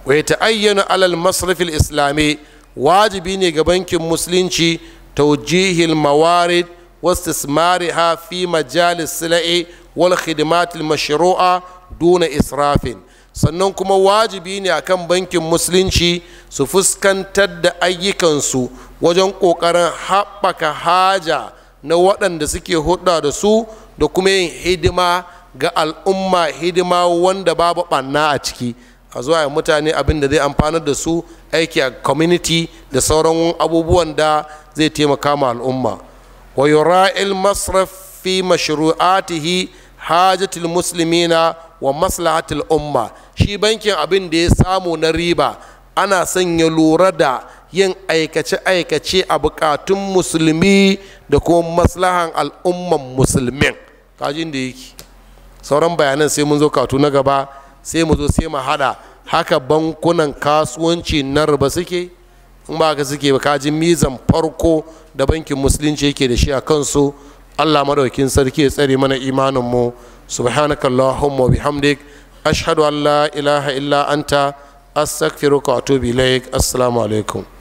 wa ta'ayyana alal masrafil islami wajibi ne ga bankin musulunci tawjihil mawarid wastismariha fi majalis sila'i wal khidimatil masharu'a duna israfin sannan kuma wajibi ne a kan bankin musulunci su fuskantar da ayyukansu wajen ƙoƙarin haɓaka haja na waɗanda suke hudda da su da kuma yin hidima ga al'umma hidima wanda babu ɓanna a ciki a zuwa ya mutane abin da zai amfanar da su aiki a community da sauran abubuwan da zai taimaka ma al'umma wa yura'il masraf fi mashru'atihi hajatul muslimina wa maslahatul umma shi bankin abin da ya samu na riba ana son ya lura da yin aikace-aikace a bukatun musulmi da kuma maslahan al'umman musulmin kajin da yake sauran bayanan sai mun zo katu na gaba sai mu zo sai mu haɗa haka bankunan kasuwanci na ruba suke in ba ka suke ba ji mizan farko da bankin musulunci yake da shi a kansu allah maɗaukin sarki ya tsare mana imaninmu subhanaka allahumma bihamdik ashhadu an la ilaha illa anta astaghfiruka wa atubu ilaik assalamu alaikum